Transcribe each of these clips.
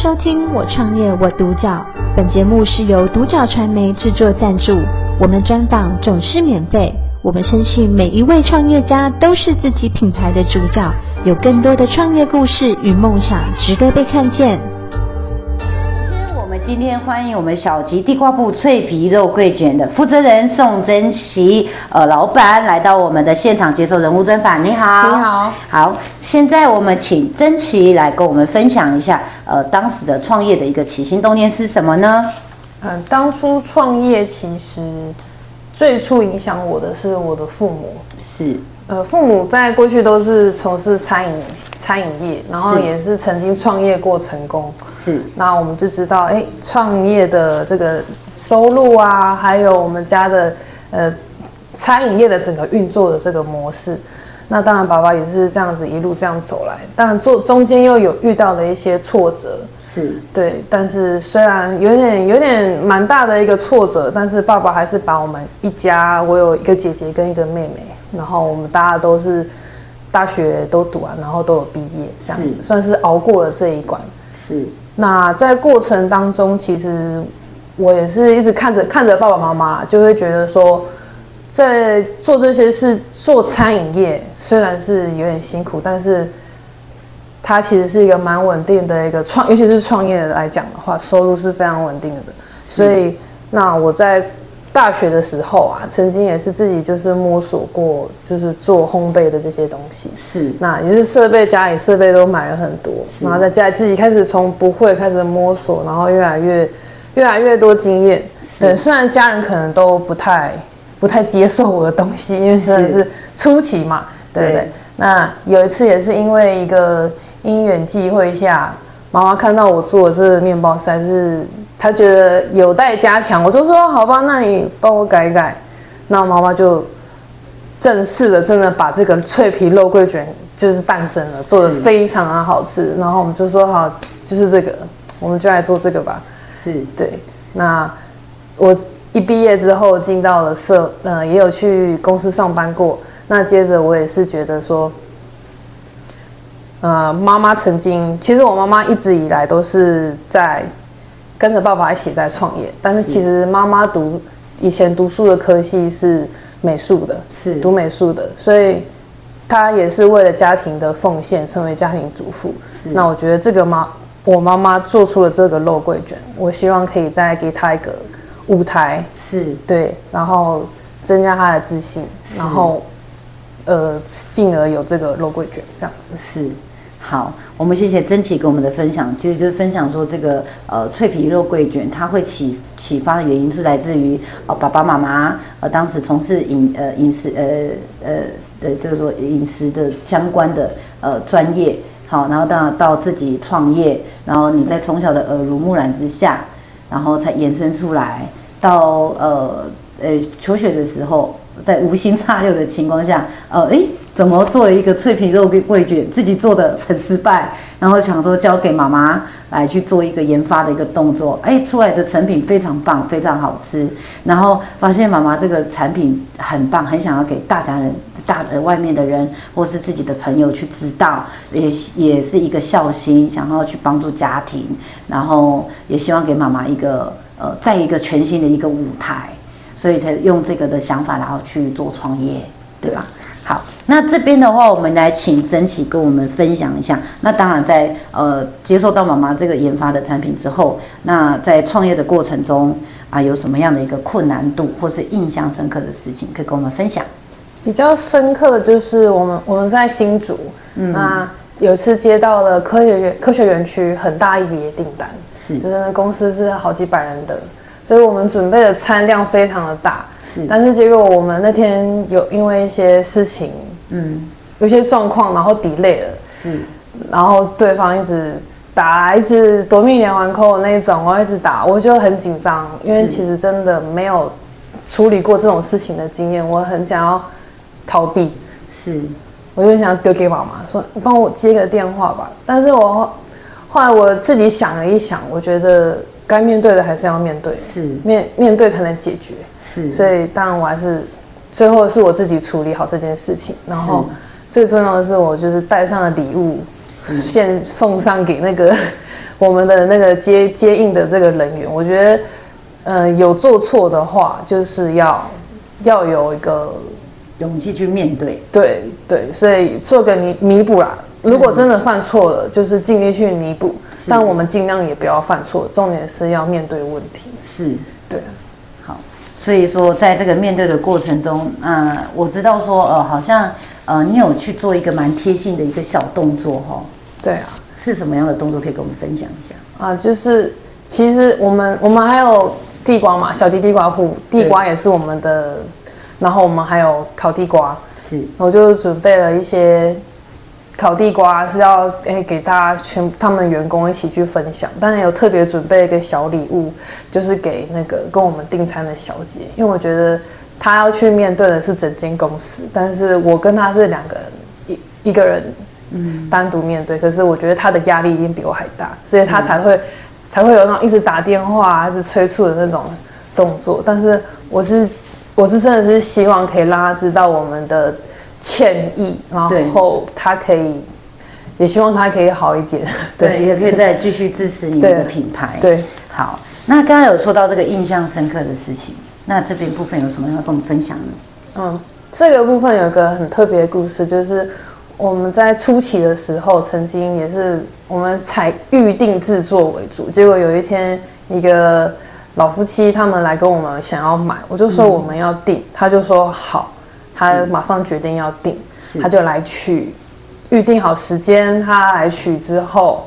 收聽我創業我獨角，本節目是由獨角傳媒製作贊助。我們專訪總是免費，我們深信每一位創業家都是自己品牌的主角，有更多的創業故事與夢想值得被看見。首先，我們今天歡迎我們小吉地瓜鋪脆皮肉桂捲的負責人宋琤琦，呃，老闆來到我們的現場接受人物專訪。你好，你好，好。現在我們請琤琦來跟我們分享一下，呃，當時的創業的一個起心動念是什麼呢？嗯、呃，當初創業其實最初影響我的是我的父母，是，呃，父母在過去都是從事餐飲餐飲業，然後也是曾經創業過成功，是，那我們就知道，哎，創業的這個收入啊，還有我們家的呃餐飲業的整個運作的這個模式。那當然，爸爸也是這樣子一路這樣走來，當然做中間又有遇到了一些挫折，是對。但是雖然有點有點蠻大的一個挫折，但是爸爸還是把我們一家，我有一個姐姐跟一個妹妹，然後我們大家都是大學都讀完，啊，然後都有畢業，這樣子是算是熬過了這一關。是。那在過程當中，其實我也是一直看着看着爸爸媽媽，就會覺得說，在做這些事做餐飲業。雖然是有點辛苦，但是，它其實是一個蠻穩定的一個創，尤其是創業來講的話，收入是非常穩定的。是。所以，那我在大學的時候啊，曾經也是自己就是摸索過，就是做烘焙的這些東西。是。那也是設備，家裡設備都買了很多，然後在家裡自己開始從不會開始摸索，然後越來越越來越多經驗。是。對，雖然家人可能都不太不太接受我的東西，因為真的是初期嘛。 對，對，對，那有一次也是因為一個因緣際會下，媽媽看到我做的這個麵包，但是她覺得有待加強，我就說好吧，那你幫我改一改。那媽媽就正式的真的把這個脆皮肉桂卷就是誕生了，做的非常的好吃。然後我們就說好，就是這個，我們就來做這個吧。是，對，那我一畢業之後進到了社，呃，也有去公司上班過。那接着我也是覺得說，呃，媽媽曾經，其實我媽媽一直以來都是在跟着爸爸一起在創業，是，但是其實媽媽讀以前讀書的科系是美術的，是讀美術的，所以她也是為了家庭的奉獻成為家庭主婦。是，那我覺得這個媽，我媽媽做出了這個肉桂卷，我希望可以再給她一個舞台，是對，然後增加她的自信，然後。呃，進而有這個肉桂卷，這樣子是。好，我們謝謝琤琦給我們的分享，其實就是分享說，這個呃脆皮肉桂卷，它會啟啟發的原因是來自於、呃、爸爸媽媽呃當時從事飲呃飲食呃呃呃就是說飲食的相關的呃專業，好，然後到到自己創業，然後你在從小的耳、呃、濡目染之下，然後才延伸出來到呃呃，呃求學的時候。在無心插柳的情況下，呃，哎，怎麼做了一個脆皮肉桂捲，自己做的很失敗，然後想說交給媽媽來去做一個研發的一個動作，哎，出來的成品非常棒，非常好吃，然後發現媽媽這個產品很棒，很想要給大家人大呃外面的人或是自己的朋友去知道，也也是一個孝心，想要去幫助家庭，然後也希望給媽媽一個呃，再一個全新的一個舞台。所以才用這個的想法，然後去做創業，對吧對？好，那這邊的話，我們來請琤琦跟我們分享一下。那當然在，在呃接受到媽媽這個研發的產品之後，那在創業的過程中啊，有什麼樣的一個困難度，或是印象深刻的事情，可以跟我們分享？比較深刻的就是我們我們在新竹，嗯、那有一次接到了科學園科學園區很大一筆訂單，是就是那公司是好幾百人的。所以我們準備的餐量非常的大，是，但是結果我們那天有因為一些事情，嗯，有些狀況，然後 delay 了，是，然後對方一直打，一直奪命連環扣那一種，我一直打，我就很緊張，因為其實真的沒有處理過這種事情的經驗，我很想要逃避，是，我就想要丟給媽媽說你幫我接個電話吧，但是我後來我自己想了一想，我覺得。該面對的還是要面對，是面面對才能解決，是，所以當然我還是最後是我自己處理好這件事情，然後最重要的是我就是帶上了禮物，獻奉上給那個 我們的那個接接應的這個人員，我覺得，呃，有做錯的話就是要要有一個勇氣去面對，對對，所以做個彌，彌補啦、嗯，如果真的犯錯了，就是盡力去彌補。但我們盡量也不要犯錯，重點是要面對問題。是，對啊。好，所以說在這個面對的過程中，嗯、呃，我知道說，呃，好像，呃，你有去做一個蠻貼心的一個小動作、哦，哈。對啊。是什麼樣的動作？可以跟我們分享一下。啊、呃，就是其實我們我們還有地瓜嘛，小吉地瓜鋪，地瓜也是我們的，然後我們還有烤地瓜，是，我就準備了一些。烤地瓜是要哎、欸、給大家全他們員工一起去分享，當然有特別準備一個小禮物，就是給那個跟我們訂餐的小姐，因為我覺得她要去面對的是整間公司，但是我跟她是兩個人一一個人，嗯，單獨面對、嗯，可是我覺得她的壓力一定比我還大，所以她才會才會有那種一直打電話還是催促的那種動作，但是我是我是真的是希望可以讓她知道我們的。歉意，然後他可以，也希望他可以好一點對，對，也可以再繼續支持你的品牌對。對，好，那剛剛有說到這個印象深刻的事情，那這邊部分有什麼要跟我們分享的？嗯，這個部分有一個很特別的故事，就是我們在初期的時候，曾經也是我們採預定制作為主，結果有一天一個老夫妻他們來跟我們想要買，我就說我們要訂，嗯、他就說好。他馬上決定要訂，他就來取，預定好時間，他來取之後，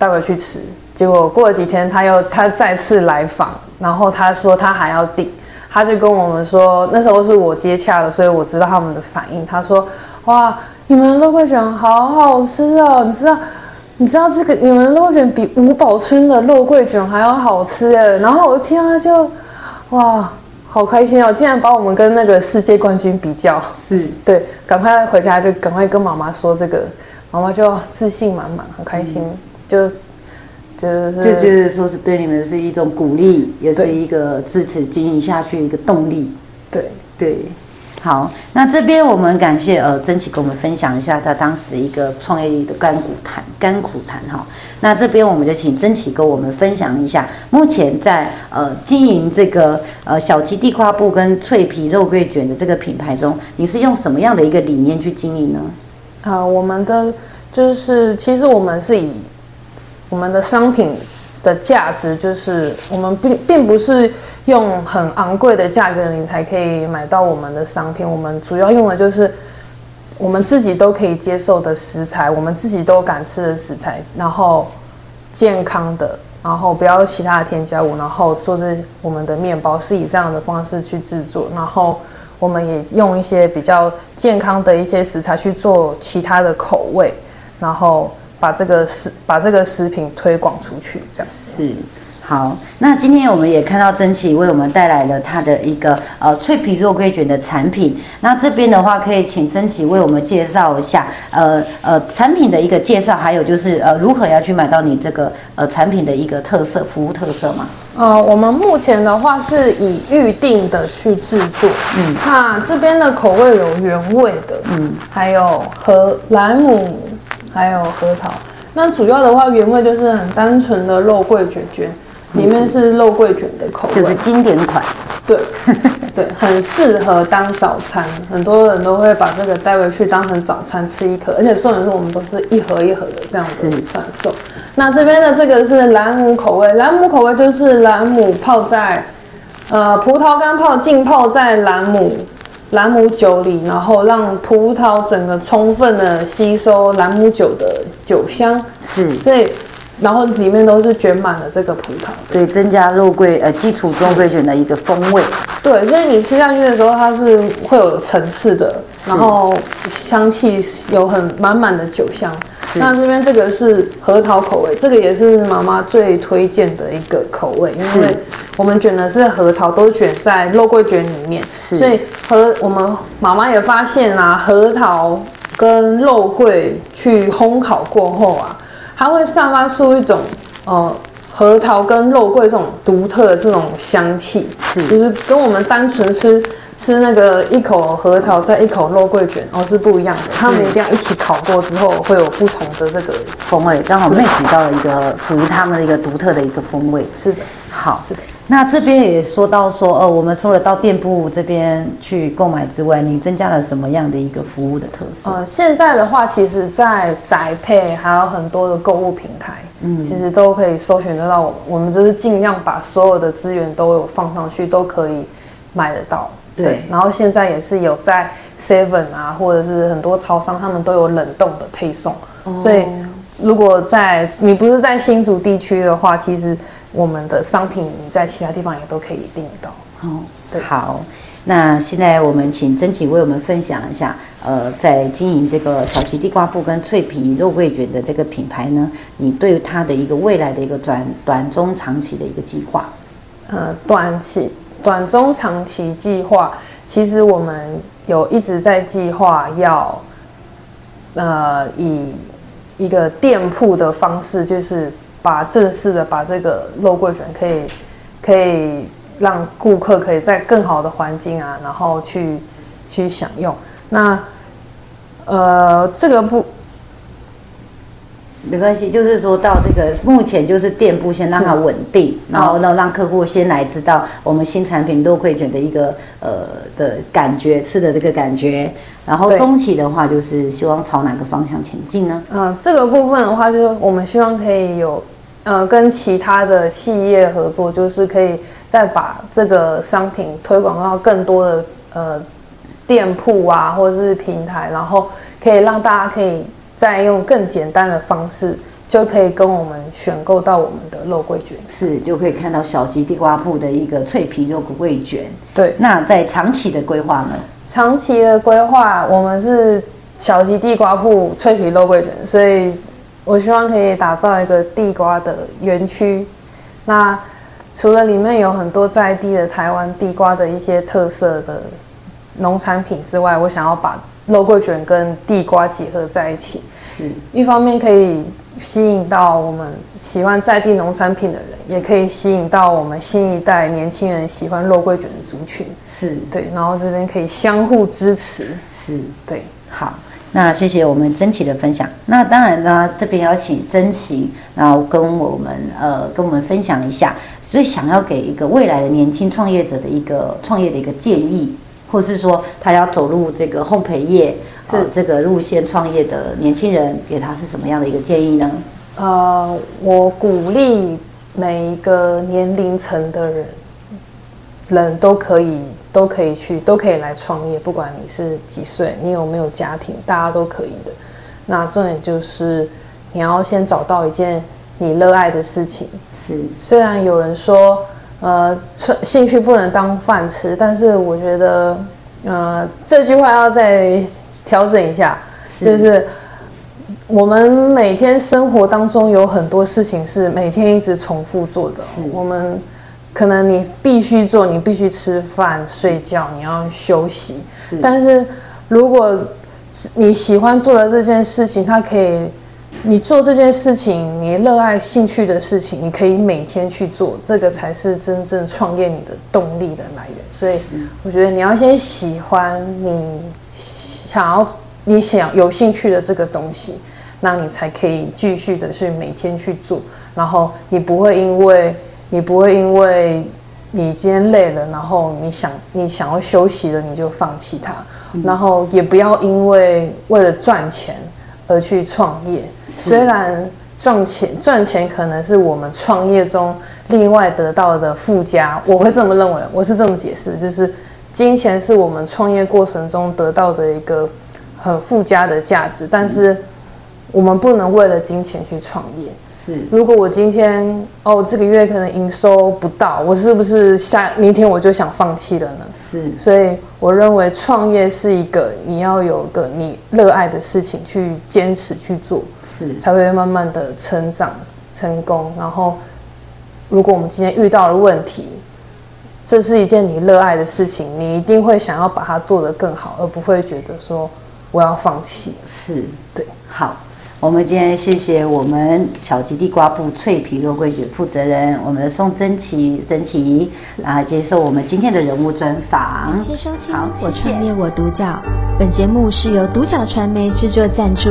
帶回去吃。結果過了幾天，他又他再次來訪，然後他說他還要訂，他就跟我們說，那時候是我接洽的，所以我知道他們的反應。他說：哇，你們的肉桂卷好好吃哦，你知道，你知道這個你們的肉桂卷比吳寶春的肉桂卷還要好吃哎。然後我聽他就，哇。好開心哦！竟然把我們跟那個世界冠軍比較，是對，趕快回家就趕快跟媽媽說這個，媽媽就自信滿滿，很開心，嗯、就就就就是就覺得說是對你們是一種鼓勵，也是一個支持經營下去的一個動力，對對。好，那這邊我們感謝呃琤琦跟我們分享一下他當時一個創業的甘苦談甘苦談哈。那這邊我們就請琤琦跟我們分享一下，目前在呃經營這個呃小吉地瓜鋪跟脆皮肉桂捲的這個品牌中，你是用什麼樣的一個理念去經營呢？好，我們的就是其實我們是以我們的商品。的價值就是我們並並不是用很昂貴的價格你才可以買到我們的商品，我們主要用的就是我們自己都可以接受的食材，我們自己都敢吃的食材，然後健康的，然後不要其他的添加物，然後做這，我們的麵包是以這樣的方式去製作，然後我們也用一些比較健康的一些食材去做其他的口味，然後。把這個食把這個食品推廣出去，這樣是好。那今天我們也看到琤琦為我們帶來了他的一個呃脆皮肉桂卷的產品。那這邊的話，可以請琤琦為我們介紹一下呃呃產品的一個介紹，還有就是呃如何要去買到你這個呃產品的一個特色服務特色嗎？呃，我們目前的話是以預定的去制作，嗯，那這邊的口味有原味的，嗯，還有和萊姆。還有核桃，那主要的話原味就是很單純的肉桂卷卷，裡面是肉桂卷的口味，是就是經典款。對，對，很適合當早餐， 很多人都會把這個帶回去當成早餐吃一顆。而且送人是，我們都是一盒一盒的這樣子販售。那這邊的這個是蘭姆口味，蘭姆口味就是蘭姆泡在，呃，葡萄乾泡浸泡在蘭姆。嗯蘭姆酒裡，然後讓葡萄整個充分的吸收蘭姆酒的酒香，是，所以然後裡面都是捲滿了這個葡萄，對，增加肉桂呃基礎肉桂捲的一個風味，對，所以你吃下去的時候它是會有層次的，然後香氣有很滿滿的酒香，那這邊這個是核桃口味，這個也是媽媽最推薦的一個口味，因為。我們捲的是核桃，都捲在肉桂捲裡面，是，所以和我們媽媽也發現啊，核桃跟肉桂去烘烤過後啊，它會散發出一種呃核桃跟肉桂這種獨特的這種香氣，是。就是跟我們單純吃吃那個一口核桃再一口肉桂捲哦是不一樣的，他們一定要一起烤過之後會有不同的這個風味，剛好也提到了一個屬於他們的一個獨特的一個風味，是的，好，是的。那這邊也說到說，呃、哦，我們除了到店鋪這邊去購買之外，你增加了什麼樣的一個服務的特色？呃、嗯，現在的話，其實在宅配，還有很多的購物平台，嗯，其實都可以搜尋得到我們。我們就是儘量把所有的資源都有放上去，都可以買得到。對。對，然後現在也是有在 Seven 啊，或者是很多超商，他們都有冷凍的配送，哦、所以。如果在你不是在新竹地區的話，其實我們的商品你在其他地方也都可以訂到。嗯、哦，對。好，那現在我們請琤琦為我們分享一下，呃，在經營這個小吉地瓜鋪跟脆皮肉桂卷的這個品牌呢，你對它的一個未來的一個短短中長期的一個計劃？呃，短期、短中長期計劃，其實我們有一直在計劃要，呃，以。一個店鋪的方式，就是把正式的把這個肉桂卷，可以可以讓顧客可以在更好的環境啊，然後去去享用。那呃，這個不。沒關係，就是說到這個，目前就是店鋪先讓它穩定，然後讓客戶先來知道我們新產品肉桂、嗯、捲的一個呃的感覺，吃的這個感覺。然後中期的話，就是希望朝哪個方向前進呢？嗯、呃，這個部分的話，就是我們希望可以有，呃，跟其他的企業合作，就是可以再把這個商品推廣到更多的呃店鋪啊，或者是平台，然後可以讓大家可以，再用更簡單的方式，就可以跟我們選購到我們的肉桂捲。是，就可以看到小吉地瓜鋪的一個脆皮肉桂捲。對，那在長期的規劃呢？長期的規劃，我們是小吉地瓜鋪脆皮肉桂捲，所以我希望可以打造一個地瓜的園區。那除了裡面有很多在地的台灣地瓜的一些特色的農產品之外，我想要把。肉桂卷跟地瓜結合在一起，是一方面可以吸引到我們喜歡在地農產品的人，也可以吸引到我們新一代年輕人喜歡肉桂卷的族群。是，對，然後這邊可以相互支持。是，對，好，那謝謝我們琤琦的分享。那當然呢，這邊要請琤琦然後跟我們呃，跟我們分享一下，所以想要給一個未來的年輕創業者的一個創業的一個建議。或是說他要走入這個烘焙業，是。啊，這個路線創業的年輕人，給他是什麼樣的一個建議呢？呃，我鼓勵每一個年齡層的人，人都可以，都可以去，都可以來創業，不管你是幾歲，你有沒有家庭，大家都可以的。那重點就是你要先找到一件你熱愛的事情。是。雖然有人說。呃，興趣不能當飯吃，但是我覺得，呃，這句話要再調整一下，是，就是我們每天生活當中有很多事情是每天一直重複做的。我們可能你必須做，你必須吃飯、睡覺，你要休息。是，但是如果你喜歡做的這件事情，它可以。你做這件事情，你熱愛興趣的事情，你可以每天去做，這個才是真正創業你的動力的來源。所以，我覺得你要先喜歡你想要、你想有興趣的這個東西，那你才可以繼續的去每天去做。然後，你不會因為，你不會因為你今天累了，然後你想你想要休息了，你就放棄它。嗯、然後，也不要因為為了賺錢而去創業。雖然賺錢，賺錢可能是我們創業中另外得到的附加，我會這麼認為，我是這麼解釋，就是金錢是我們創業過程中得到的一個很附加的價值，但是我們不能為了金錢去創業。如果我今天哦，這個月可能營收不到，我是不是下明天我就想放棄了呢？是，所以我認為創業是一個你要有個你熱愛的事情去堅持去做，是才會慢慢的成長成功。然後，如果我們今天遇到了問題，這是一件你熱愛的事情，你一定會想要把它做得更好，而不會覺得說我要放棄。是對，好。我們今天謝謝我們小吉地瓜鋪、脆皮肉桂捲負責人，我們的宋琤琦，琤琦啊，接受我們今天的人物專訪。謝謝收聽，好，謝謝。我創業我獨角，本節目是由獨角傳媒制作贊助，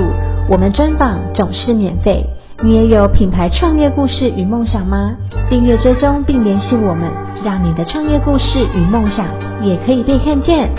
我們專訪總是免費。你也有品牌創業故事與夢想嗎？訂閱追蹤並聯繫我們，讓你的創業故事與夢想也可以被看見。